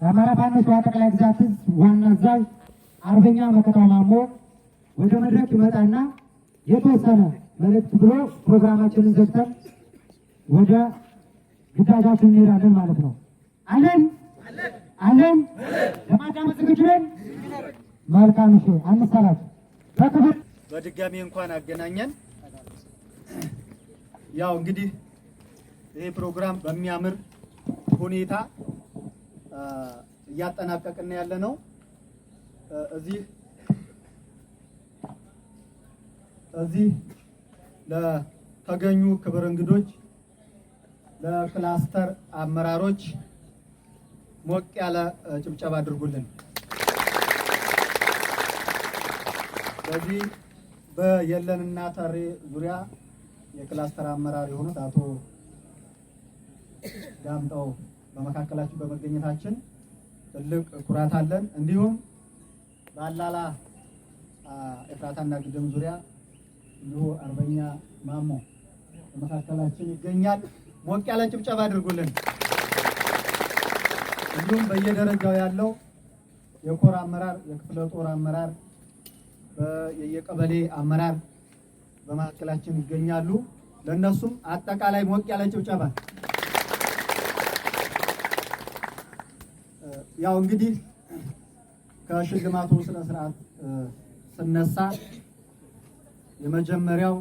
የአማራ ፋኖ ሸዋ ጠቅላይ ግዛት ዋና አዛዥ አርበኛ መከታ ማሞ ወደ መድረክ ይመጣና የተወሰነ መልእክት ብሎ ፕሮግራማችንን ዘግተን ወደ ግዳጃችን እንሄዳለን ማለት ነው። አለን አለን ለማዳመጥ ዝግጁ ነን። መልካም እሺ፣ አንሰላት በድጋሚ እንኳን አገናኘን። ያው እንግዲህ ይህ ፕሮግራም በሚያምር ሁኔታ እያጠናቀቅን ያለ ነው። እዚህ እዚህ ለተገኙ ክብር እንግዶች፣ ለክላስተር አመራሮች ሞቅ ያለ ጭብጨባ አድርጉልን። በዚህ በየለንና ተሬ ዙሪያ የክላስተር አመራር የሆኑት አቶ ዳምጠው በመካከላችሁ በመገኘታችን ትልቅ ኩራት አለን። እንዲሁም በአላላ ኤፍራታና ግድም ዙሪያ እንዲሁ አርበኛ ማሞ በመካከላችን ይገኛል። ሞቅ ያለ ጭብጨባ አድርጉልን። እንዲሁም በየደረጃው ያለው የኮር አመራር፣ የክፍለ ጦር አመራር፣ የየቀበሌ አመራር በመካከላችን ይገኛሉ። ለእነሱም አጠቃላይ ሞቅ ያለ ጭብጨባ ያው እንግዲህ ከሽልማቱ ስነ ስርዓት ስነሳ የመጀመሪያው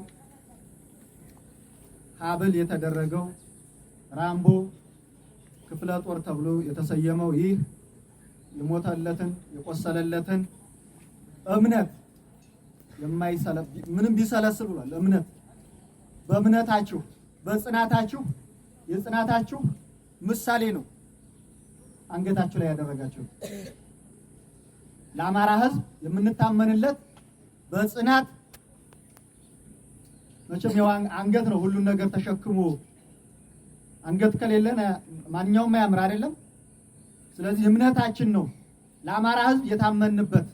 ሀብል የተደረገው ራምቦ ክፍለ ጦር ተብሎ የተሰየመው ይህ የሞተለትን የቆሰለለትን እምነት የማይሰለብ ምንም ቢሰለስል ብሏል። እምነት በእምነታችሁ በጽናታችሁ የጽናታችሁ ምሳሌ ነው። አንገታችሁ ላይ ያደረጋችሁ። ለአማራ ህዝብ የምንታመንለት በጽናት መቼም ያው አንገት ነው ሁሉን ነገር ተሸክሞ አንገት ከሌለን ማንኛውም አያምር አይደለም። ስለዚህ እምነታችን ነው ለአማራ ህዝብ የታመንበት።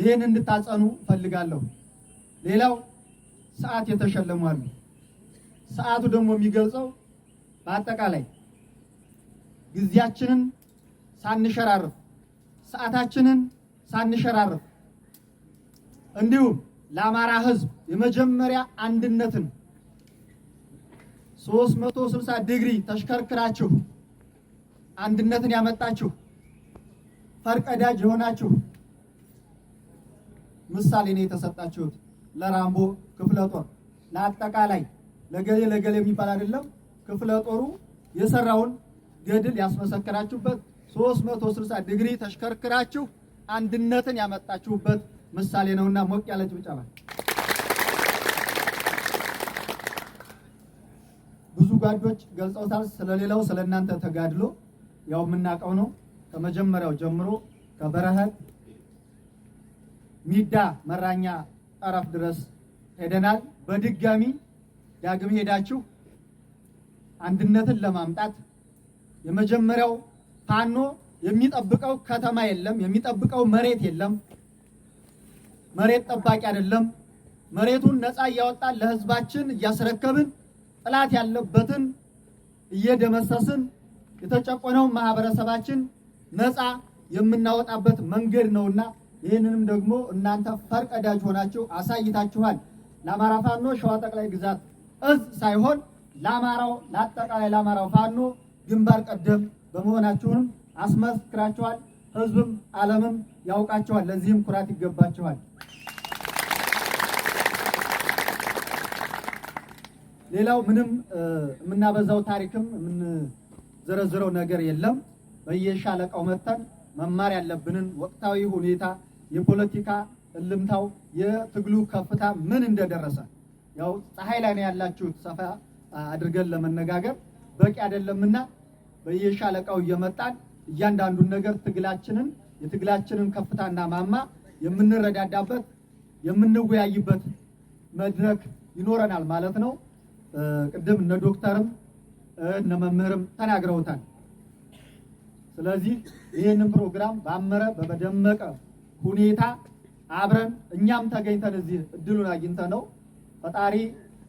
ይህን እንድታጸኑ እፈልጋለሁ። ሌላው ሰዓት የተሸለሙ አሉ። ሰዓቱ ደግሞ የሚገልጸው በአጠቃላይ ጊዜያችንን ሳንሸራርፍ ሰዓታችንን ሳንሸራርፍ እንዲሁም ለአማራ ሕዝብ የመጀመሪያ አንድነትን 360 ዲግሪ ተሽከርክራችሁ አንድነትን ያመጣችሁ ፈርቀዳጅ የሆናችሁ ምሳሌ ነው የተሰጣችሁት። ለራምቦ ክፍለ ጦር ለአጠቃላይ ለገሌ ለገሌ የሚባል አይደለም። ክፍለ ጦሩ የሰራውን ገድል ያስመሰከራችሁበት 360 ዲግሪ ተሽከርክራችሁ አንድነትን ያመጣችሁበት ምሳሌ ነውና ሞቅ ያለ ጭብጨባ። ብዙ ጓዶች ገልጸውታል። ስለሌላው ስለእናንተ ተጋድሎ ያው የምናውቀው ነው። ከመጀመሪያው ጀምሮ ከበረሃት ሚዳ መራኛ ጠረፍ ድረስ ሄደናል። በድጋሚ ዳግም ሄዳችሁ አንድነትን ለማምጣት የመጀመሪያው ፋኖ የሚጠብቀው ከተማ የለም፣ የሚጠብቀው መሬት የለም። መሬት ጠባቂ አይደለም። መሬቱን ነፃ እያወጣን ለህዝባችን እያስረከብን ጥላት ያለበትን እየደመሰስን የተጨቆነው ማህበረሰባችን ነፃ የምናወጣበት መንገድ ነውና ይህንንም ደግሞ እናንተ ፈርቀዳጅ ሆናችሁ አሳይታችኋል። ለአማራ ፋኖ ሸዋ ጠቅላይ ግዛት እዝ ሳይሆን ለአማራው ለአጠቃላይ ለአማራው ፋኖ ግንባር ቀደም በመሆናችሁንም አስመስክራችኋል። ህዝብም ዓለምም ያውቃችኋል። ለዚህም ኩራት ይገባችኋል። ሌላው ምንም የምናበዛው ታሪክም የምንዘረዝረው ነገር የለም። በየሻለቃው መተን መማር ያለብንን ወቅታዊ ሁኔታ፣ የፖለቲካ እልምታው፣ የትግሉ ከፍታ ምን እንደደረሰ ያው ፀሐይ ላይ ነው ያላችሁት። ሰፋ አድርገን ለመነጋገር በቂ አይደለምና በየሻለቃው እየመጣን እያንዳንዱን ነገር ትግላችንን የትግላችንን ከፍታና ማማ የምንረዳዳበት የምንወያይበት መድረክ ይኖረናል ማለት ነው። ቅድም እነ ዶክተርም እነ መምህርም ተናግረውታል። ስለዚህ ይህንን ፕሮግራም ባመረ በደመቀ ሁኔታ አብረን እኛም ተገኝተን እዚህ እድሉን አግኝተ ነው ፈጣሪ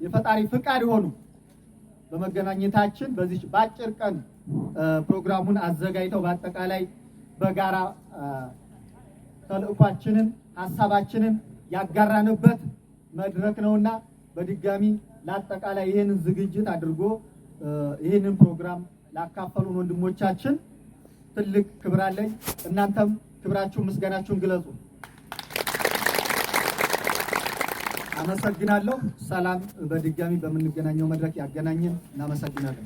የፈጣሪ ፍቃድ ሆኑ በመገናኘታችን በዚህ በአጭር ቀን ፕሮግራሙን አዘጋጅተው በአጠቃላይ በጋራ ተልእኳችንን ሀሳባችንን ያጋራንበት መድረክ ነውና በድጋሚ ለአጠቃላይ ይህንን ዝግጅት አድርጎ ይህንን ፕሮግራም ላካፈሉን ወንድሞቻችን ትልቅ ክብር አለኝ። እናንተም ክብራችሁን ምስጋናችሁን ግለጹ። አመሰግናለሁ። ሰላም። በድጋሚ በምንገናኘው መድረክ ያገናኘን። እናመሰግናለን።